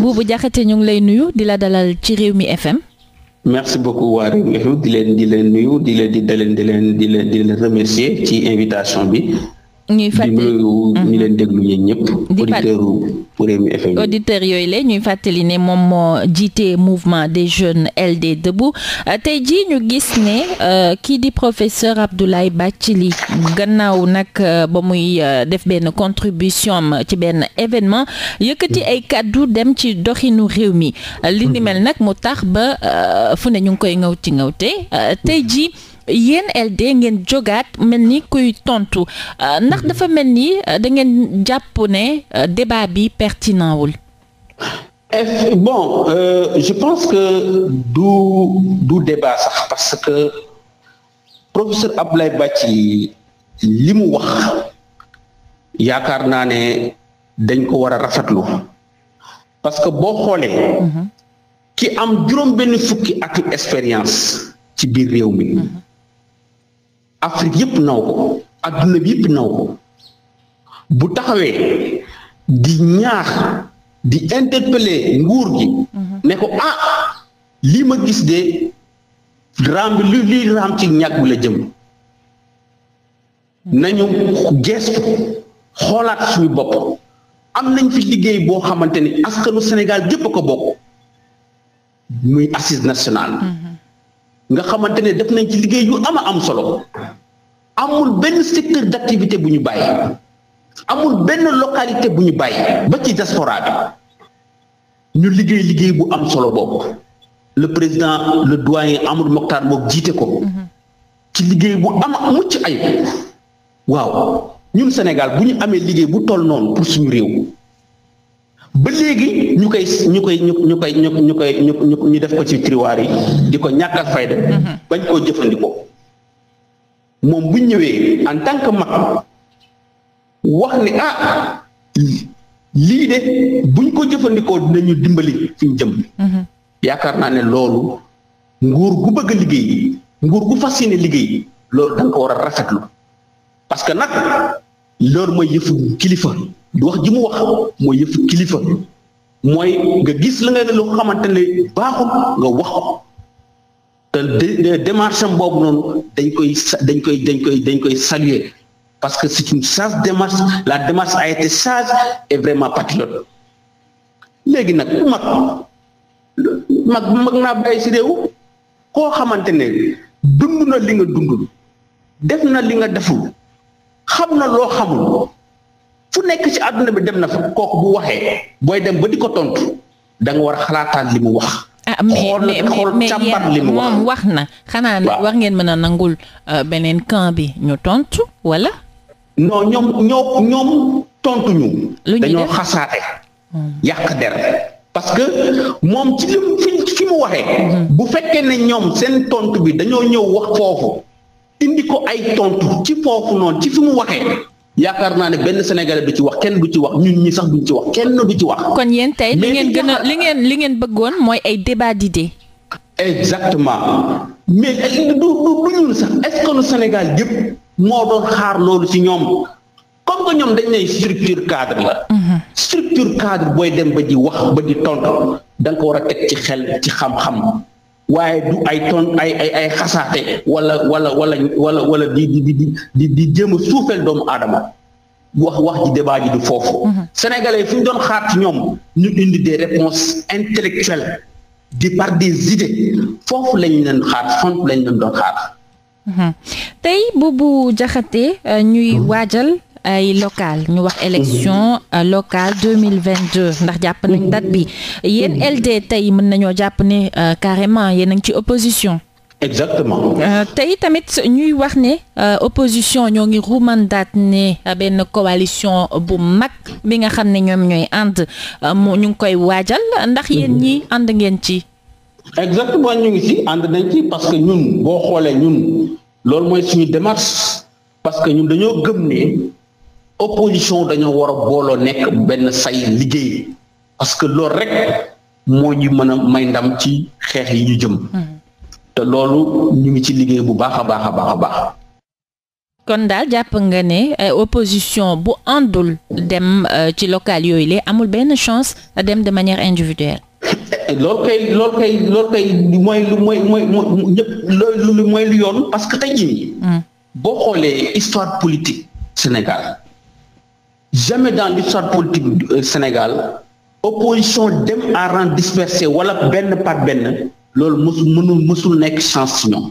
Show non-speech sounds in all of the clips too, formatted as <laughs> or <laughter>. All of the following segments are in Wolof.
Boubou Diakhaté ñoo ngi lay nuyu di la dalal ci réew mi FM. merci beaucoup waa Rewmi FM di leen di leen nuyu di leen di leen di leen di leen di ci invitation bi. ñuy fàttali ñu mhm. déglu yéen ñëpp. auditeurs Rewmi auditeurs yooyu la ñuy fàttali ne moom moo jiite mouvement des jeunes LD Debout euh, tey jii ñu gis ne euh, kii di professeur Abdoulaye Bathily gannaaw nag euh, ba muy def benn contribution ci benn événement yëkkati ay kàddu dem ci doxinu réew mi. li mel nag mu tax ba fu ne ñu ngi koy ngawti ngawte tey jii. yéen LD ngeen jógaat mel ni kuy tontu euh, ndax dafa mel ni euh, da ngeen jàpp ne euh, débat bi pertinent wul. Eh, bon euh, je pense que du du débat sax parce que professeur Abdoulaye Bathily li mu wax yaakaar naa ne dañ ko war a rafetlu parce que boo xoolee. Mhm. ki am juróom benn fukki ak expérience ci biir réew mi. Mhm. Afrique yëpp naw ko adduna bi yëpp naw ko bu taxawee di ñaax di interpeller nguur gi. Mhm. ne ko ah lii ma gis de raam bi li lii raam ci ñàkk bi la jëm. Mhm. nañu geestu xoolaat suñu bopp am nañ fi liggéey boo xamante ni askanu Sénégal gépp a ko bokk muy assise nationale. Mhm. nga xamante ne def nañ ci liggéey yu ama am solo amul benn secteur d'activité bu ñu bàyyi amul benn localité bu ñu bàyyi ba ci diaspora bi ñu liggéey liggéey bu am solo boobu le président le doyen amul Mokhtar moom jiite ko ci liggéey bu ama mucc ayib waaw ñun Sénégal bu ñu amee liggéey bu toll noonu pour suñu réew ba léegi ñu koy ñu koy ñu ñu koy ñu ñu koy ñu ñu def ko ci tiroir yi di ko ñàkkal fayda mhm. bañ koo jëfandikoo moom bu ñëwee en tant que mag wax ni ah lii de buñ ko jëfandikoo dinañu dimbali fi ñu jëm mhm. yaakaar naa ne loolu nguur gu bëgg liggéey nguur gu fas yéene liggéey loolu da ko war a rafetlu parce que nag loolu mooy yëfu kilifa du wax ji mu wax mooy yëfu kilifa mooy nga gis la nga lu xamante ne baaxul nga wax ko te démarche boobu noonu dañ koy dañ koy dañ koy dañ koy saluer parce que c'est une sage démarche la démarche a été sage et vraiment patriote léegi nag mag mag mag naa bàyyi si réew koo xamante ne dund na li nga dundul def na li nga deful xam na loo xamul fu nekk ci àdduna bi dem na fa kooku bu waxee booy dem ba di ko tontu da nga war a xalaataan li mu wax. ah mais mais mais moom wax na. xanaa nag war ngeen mën a nangul euh, beneen camp bi ñu tontu wala. non ñoom ñoo ñoom tontu ñu. dañoo xasaate. Hmm. yàq der parce que moom ci li fi fi mu waxee. Hmm. bu fekkee ne ñoom seen tontu bi dañoo ñëw wax foofu. indi ko ay tontu ci foofu noonu ci fi mu waxee. yaakaar naa ne benn sénégalais du ci wax kenn du ci wax ñun ñi sax duñ ci wax kenn du ci wax. kon yéen tey li ngeen gën a li ngeen li ngeen bëggoon mooy ay débat d'idées. exactement mais du du ñun sax est-ce Sénégal yëpp moo doon xaar loolu ci ñoom comme que ñoom dañ ne structure cadre la. Mhm. structure cadre booy dem ba ji wax ba di tontu da ko war a teg ci xel ci xam-xam. waaye du ay ton ay ay xasaate wala wala wala wala wala di di di di di jéem a doomu aadama wax wax ji débat foofu. Mhm. sénégalais fi ñu doon xaar ci ñoom ñu indi des réponses intellectuelles di par des idées foofu lañu leen xaar foofu lañ leen doon xaar. Mhm. tey Boubou Diakhaté euh, ñuy mhm. waajal. ay local ñu wax élection euh, locale 2022 ndax jàpp nañ date bi yéen LD tey mën nañoo jàpp ne euh, carrément yéen a ngi ci opposition exactement euh, tey tamit ñuy wax ne opposition ñoo ngi rumandaat ne benn coalition bu mag mi nga xam ne ñoom ñooy ànd ñu ngi koy waajal ndax yéen ñi ànd ngeen ci exactement ñu ngi ci ànd nañ ci parce que ñun boo xoolee ñun loolu mooy suñu démarche parce que ñun dañoo gëm ne opposition dañoo war a booloo nekk benn say liggéey parce que loolu rek moo ñu mën a may ndam ci xeex yi ñu jëm. te loolu ñu ngi ci liggéey bu baax a baax a baax a baax. kon daal jàpp nga ne euh, opposition bu àndul dem euh, ci local yooyu la amul benn chance dem de manière individuelle. <laughs> loolu kay loolu kay mooy lu mooy mooy ñëpp lu yoon parce que te jii. Hmm. boo xoolee histoire politique Sénégal. jamais dans l'histoire politique du euh, Sénégal opposition dem à rang dispersé wala benn par benn loolu mës mënul mësul nekk chance si ñoom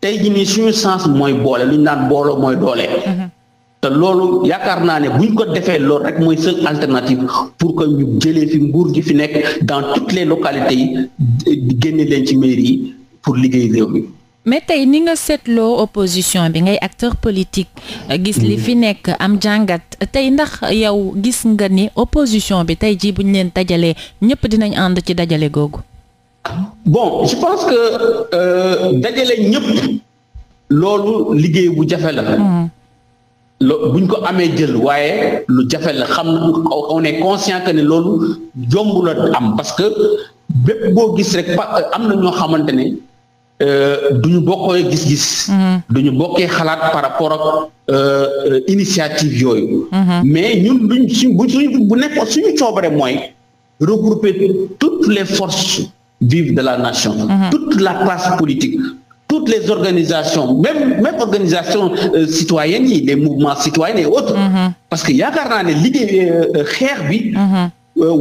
tey jii nii suñu chance mooy boole lu ñu naan booloo mooy doole. Mhm. te loolu yaakaar naa ne bu ñu ko defee loolu rek mooy seule alternative pour que ñu jëlee fi nguur gi fi nekk dans toutes les localités yi génne leen ci mairie yi pour liggéey réew mi. mais tey ni nga seetloo opposition bi ngay acteur politique gis li fi nekk am jàngat tey ndax yow gis nga ni opposition bi tey jii bu ñu leen dajalee ñëpp dinañ ànd ci dajale googu. bon je pense que euh, dajale ñëpp loolu liggéey bu jafe la. Hmm. lo buñ ko amee jël waaye lu jafe la xam na on est conscient ne loolu jomb la am parce que bépp boo gis rek am na ñoo xamante ne. Euh, du ñu bokkee gis-gis. Mm-hmm. du ñu bokkee xalaat par rapport ak euh, initiative yooyu. Mm-hmm. mais ñun duñ suñ bu nekkoon suñu coobare mooy regrouper toutes les forces vives de la nation. Mm-hmm. toute la classe politique. toutes les organisations même même organisations euh, citoyennes yi les mouvements citoyens et autres parce que yaakaar naa ne liggéey euh, xeex bi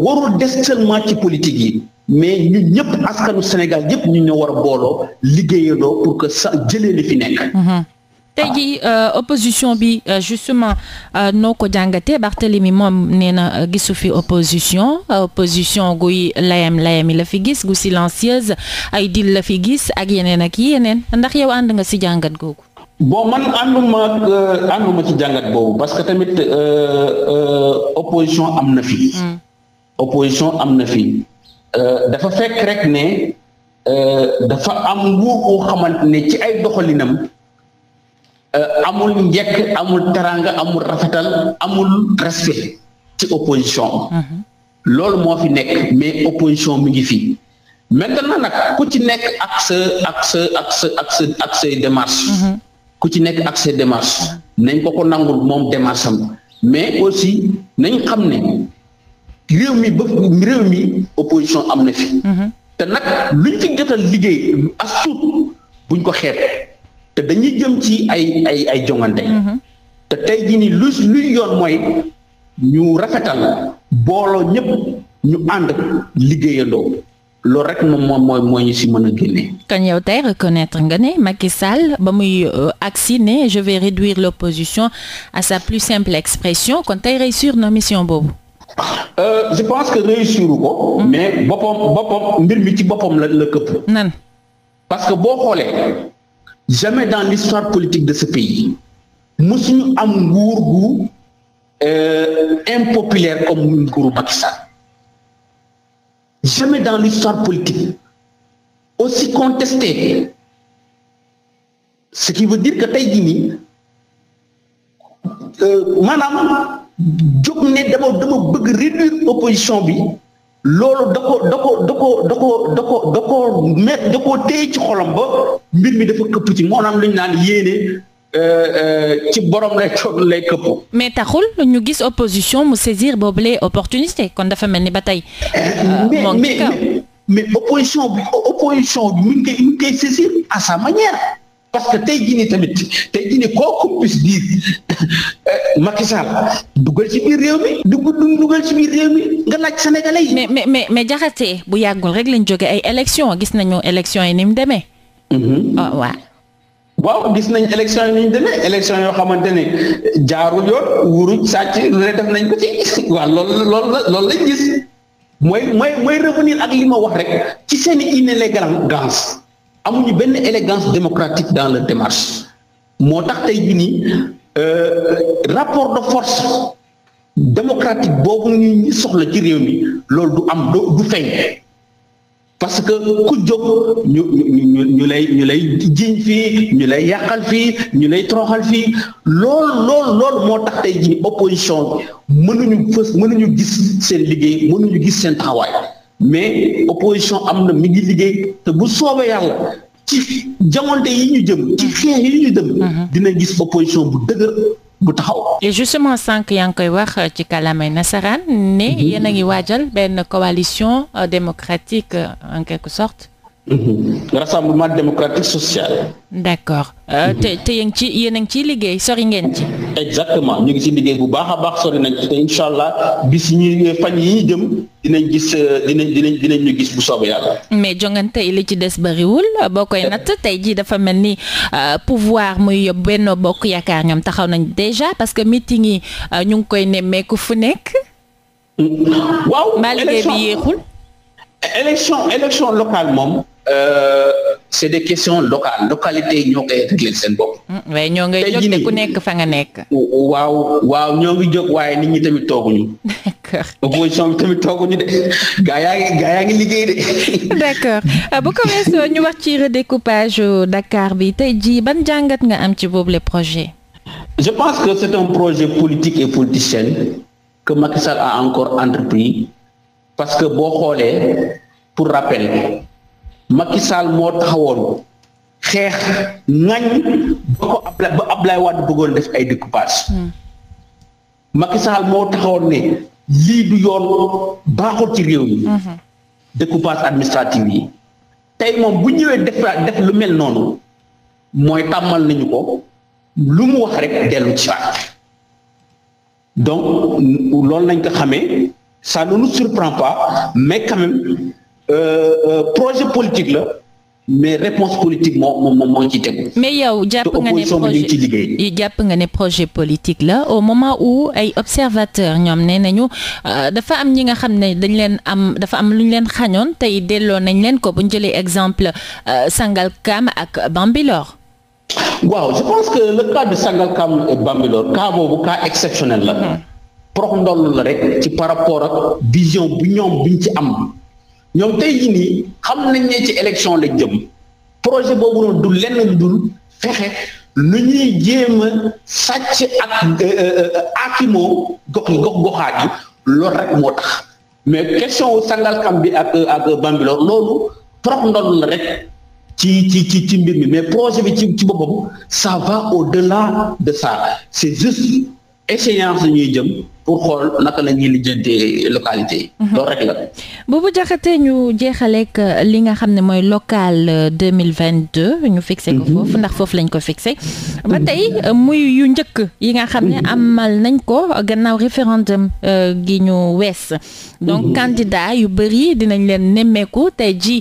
warul des seulement ci politiques yi mais ñun ñëpp askanu Sénégal yëpp ñu ñoo war a booloo liggéeyandoo pour que sa jëlee li fi nekk. Mhm. tey ah. jii euh, opposition bi euh, justement euh, noo ko jàngatee Barthélemy moom nee na gisu fi opposition opposition guy layam layami la fi gis gu silencieuse ay dil la gis ak yeneen ak yeneen ndax yow ànd nga si jàngat googu. bon man ànduma ak ànduma ci jàngat boobu parce que tamit opposition am na fi. Mm. opposition am na fi. Euh, dafa fekk rek ne euh, dafa am lu xamante ne ci ay doxalinam euh, amul njekk amul teraanga amul rafetal amul respect ci opposition mhm. loolu moo fi nekk mais opposition mi ngi fi maintenant nag ku ci nekk ak sa ak sa ak sa ak sa ak say mhm. ku ci nekk ak say démarche mhm. nañ ko nangul moom démarche am mais aussi nañ xam ne réew mi ba réew mi opposition am na fi. Mm-hmm. te nag luñ fi jotal liggéey as tuut buñ ko xeet te dañuy jëm ci ay ay ay jongante. Mm-hmm. te tey jii nii lu luy yoon mooy ñu rafetal booloo ñëpp ñu ànd liggéeyandoo. loolu rek moom moom mooy moo ñu si mën a génne. kon yow tey reconnaître nga ne Macky Sall ba muy euh, agsi ne je vais réduire l'opposition à sa plus simple expression kon tey réussir na mission boobu. Euh, je pense que réussir ko. mais boppam boppam mbir mi ci boppam la la këpp. nan parce que boo xoolee. jamais dans l'histoire politique de ce pays musuñu am nguur gu euh, impopulaire comme nguuru Macky Sall jamais dans l'histoire politique aussi contesté ce qui veut dire que tey jii nii euh, maanaam jóg ne dama dama bëgg réduire opposition bi loolu da ko da ko da ko da ko da ko da ko da ko téye ci xolom ba mbir mi dafa këpp ci moo naam lu ñu naan yéene euh, euh, ci borom lay coon lay këpp mais taxul ñu gis opposition mu saisir boobule opportunité kon dafa mel ni ba tey euh, mais mais opposition bi opposition bi mu ngi koy mu à sa manière parce que tey jii nii tamit tey jii nii kooku puisse eh, dire Macky ci biir réew mi dugg dugal ci biir réew mi nga laaj Sénégalais yi. mais mais mais mais jaxatee bu yàggul rek lañ jóge ay élections gis nañu élections yi ni mu demee. Mm-hmm. Oh, waaw. gis nañ élection yi ñu demee élection yoo xamante ne jaarul yoon wuruj sàcc lu def nañ ko ci <laughs> waaw loolu loolu lañ gis mooy mooy mooy revenir ak li ma wax rek ci seen i inélégance amuñu benn élégance démocratique dans leur démarche moo tax tey jii nii euh, rapport de force démocratique boobu ñu soxla ci réew mi loolu du am du feeñ parce que ku jóg ñu ñu ñu lay ñu lay jiñ fii ñu lay yàqal fii ñu lay troxal fii loolu loolu loolu moo tax tey ji jii opposition bi mënuñu fës mënuñu gis seen liggéey mënuñu gis seen taxawaay mais opposition am na mi ngi liggéey te bu soobee yàlla ci jamonte yi ñu jëm ci xeex yi ñu jëm mhm. dina gis opposition bu dëgër bu taxaw et justement sànq yaa ngi koy wax ci kàllaamay nasaraan ne mhm. yéen a ngi waajal benn coalition euh, démocratique euh, en quelque sorte Mm-hmm. rassemblement démocratique social. d'accord euh, mm-hmm. te te yéen ci yéen a ngi ciy liggéey sori ngeen ci. exactement ñu ngi si liggéey bu baax a baax sori nañ ci te incha allah bis ñi fan yi ñu dinañ gis euh, dinañ gis bu soobee yàlla. mais jongante li ci des bariwul boo koy natt tey jii dafa mel ni euh, pouvoir muy yóbbu Benno Bokk Yaakaar ñoom taxaw nañ déjà parce que meeting yi ñu ngi koy nemmeeku fu nekk. Mm-hmm. waaw élection maa bi yéexul. élection élection locale moom. Euh, c' est des questions locales localité yi ñoo koy réglé seen bopp. waaye mm, ñoo ngay jóg te ku nekk fa nga nekk. waaw waaw ñoo ngi jóg waaye nit ñi tamit tooguñu. <laughs> d' accord opposition tamit tooguñu de gaa yaa ngi gaa yaa ngi liggéey de. <laughs> d' accord euh, ko weesoo ñu wax ci redécoupage Dakar bi tey jii ban jàngat nga am ci boobu le projet. je pense que c' est un projet politique et politicien que Macky Sall a encore entrepris parce que boo xoolee pour rappel. Macky Sall moo taxawoon xeex ŋañ ba ko Ablaye ba Ablaye Wade bëggoon def ay découpage hmm. Macky Sall moo taxawoon ne lii du yoon baaxul ci réew mi hmm. découpage administratif yi tey moom bu ñëwee def lu mel noonu mooy tàmmal nañu ko lu mu wax rek dellu ci waat donc loolu nañ ko xamee ça ne nous surprend pas mais quand Euh, euh, projet politique la mais réponse politique moom moom moo ci tegu. mais yow jàpp nga ne projet jàpp nga ne projet politique la au moment où ay observateurs ñoom nee nañu euh, dafa am ñi nga xam ne dañ leen am dafa am lu ñu leen xañoon tey delloo nañ leen ko bu ñu jëlee exemple Sangalkam ak Bambilor. waaw je pense que le cas de Sangalkam et Bambilor cas boobu cas exceptionnel la. Hmm. prox ndoll la rek ci par rapport ak vision bu ñoom bu ñu ci am. ñoom tey jii nii xam nañ ne ci élection la jëm projet boobu noonu du lenn dul fexe lu ñuy jéem a sàcc ak euh, euh, euh, akimoo gox gox goxaat yi loolu rek moo tax mais question Sangalkam bi ak ak Bambilor loolu trop ndol rek ci ci ci ci mbir mi mais projet bi ci ci boppam ça va au-delà de ça c'est juste échéance ñuy jëm pour xool naka la ñuy lijjantee localité yi. Mhm. loolu rek la. Boubou Diakhaté ñu jeexaleeg euh, li nga xam ne mooy local euh, deux mille vingt deux ñu fixé ko mhm. foofu ndax foofu lañ ko fixé. ba tey euh, muy yu njëkk yi nga xam ne am mhm. amal nañ ko gannaaw référendum gi ñu wees. donc candidat yu bëri dinañ leen nemmeeku tey ji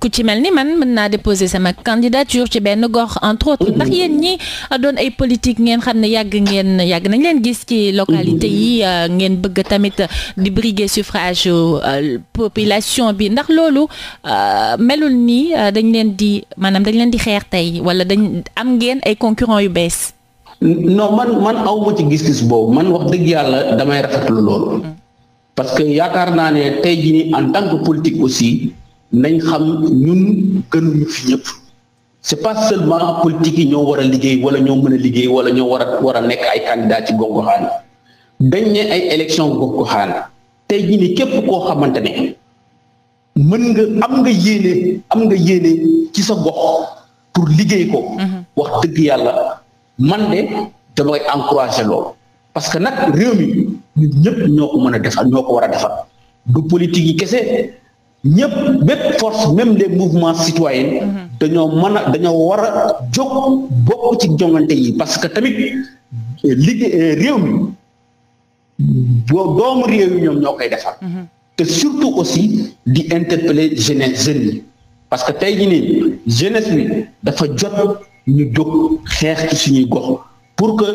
ku ci mel ni man mën naa déposer sama candidature ci benn gox entre autres. ndax yéen ñi doon ay politique ngeen xam ne yàgg ngeen yàgg nañ leen gis ci. ci localité yi mm-hmm. euh, ngeen bëgg tamit di briguer suffrage euh, population bi ndax loolu euh, melul nii dañ leen di maanaam dañ leen di xeer tey wala dañ am ngeen ay concurrents yu bees non man man aw ma ci gis-gis boobu man wax dëgg yàlla damay rafetlu loolu mm. parce que yaakaar naa ne tey jii nii en tant que aussi nañ xam ñun gënuñu fi ñëpp c'est pas seulement politique yi ñoo war a liggéey wala ñoo mën a liggéey wala ñoo war a war a nekk ay candidat ci gox-goxaan dañ ne ay élection gox-goxaan tey jii nii képp koo xamante ne mën nga am nga yéene am nga yéene ci sa gox pour liggéey ko. Mhm. wax dëgg yàlla man de damay encourager loolu parce que nag réew mi ñun ñëpp ñoo ko mën a defar ñoo ko war a defar du politique yi kese. ñëpp bépp force même les mouvements citoyens dañoo mën a dañoo war jóg bokk ci jongante yi parce que tamit euh, liggéey euh, réew mi doomu réew yi ñoom ñoo koy defar te surtout aussi di interpeller jeunesse jeunes yi parce que tey jii nii jeunesse bi dafa jot ñu jóg xeex ci suñuy gox pour que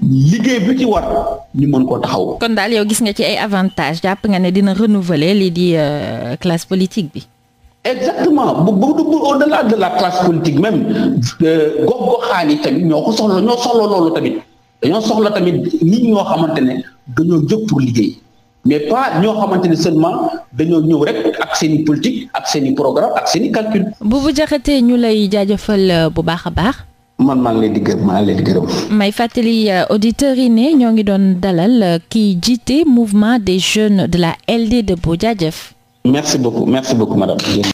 liggéey bi ci war ñu mën koo taxaw. kon daal yow gis nga ci ay avantages jàpp nga ne dina renouveler lii di euh, classe politique bi. exactement bu bu la classe même euh, gox goxaan yi ko soxla ñoo soxla dañoo soxla tamit nit ñoo xamante ne dañoo jóg liggéey mais pas ñoo xamante ne seulement dañoo ñëw rek ak seen i ak seen i programme ak jaxatee ñu lay jaajëfal euh, bu baax a baax. man maa ngi leen di maa ngi leen di gërëm. may fàttali euh, auditeurs yi ne ñoo ngi doon dalal euh, kii jiite mouvement des jeunes de la LD de Bodiadief. merci beaucoup merci beaucoup madame.